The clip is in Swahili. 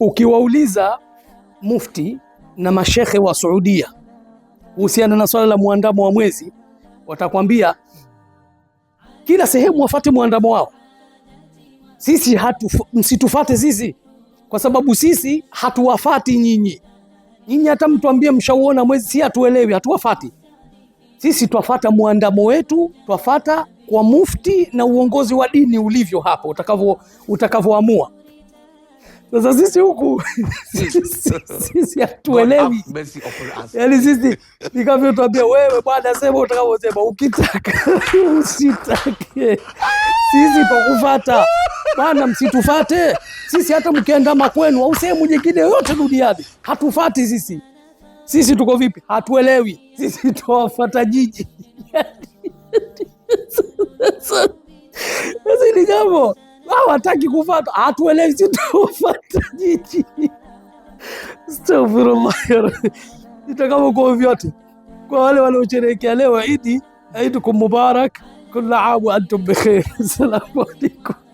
Ukiwauliza mufti na mashekhe wa Saudia kuhusiana na swala la muandamo wa mwezi, watakwambia kila sehemu wafate muandamo wao. Sisi hatu, msitufate sisi kwa sababu sisi hatuwafati nyinyi. Nyinyi hata mtuambie mshauona mwezi, si hatuelewi, hatuwafati sisi. Twafata muandamo wetu, twafata kwa mufti na uongozi wa dini ulivyo hapo utakavyoamua sasa sisi huku sisi hatuelewi, yani sisi nikavyotwambia wewe bwana, sema utakavyosema, ukitaka usitake, sisi twakufata bwana, msitufate sisi. Hata mkienda kwenu au sehemu nyingine yoyote duniani hatufati sisi. Sisi tuko vipi? Hatuelewi sisi, twawafata jiji. Sasa ni jambo hawataki kufata, hatuelezi si tutafuata jiji Astaghfirullah, itakavyokuwa vyote. Kwa wale waliosherehekea leo Idi, Idukum Mubarak, kila amu antum bikhair. Assalamu alaikum.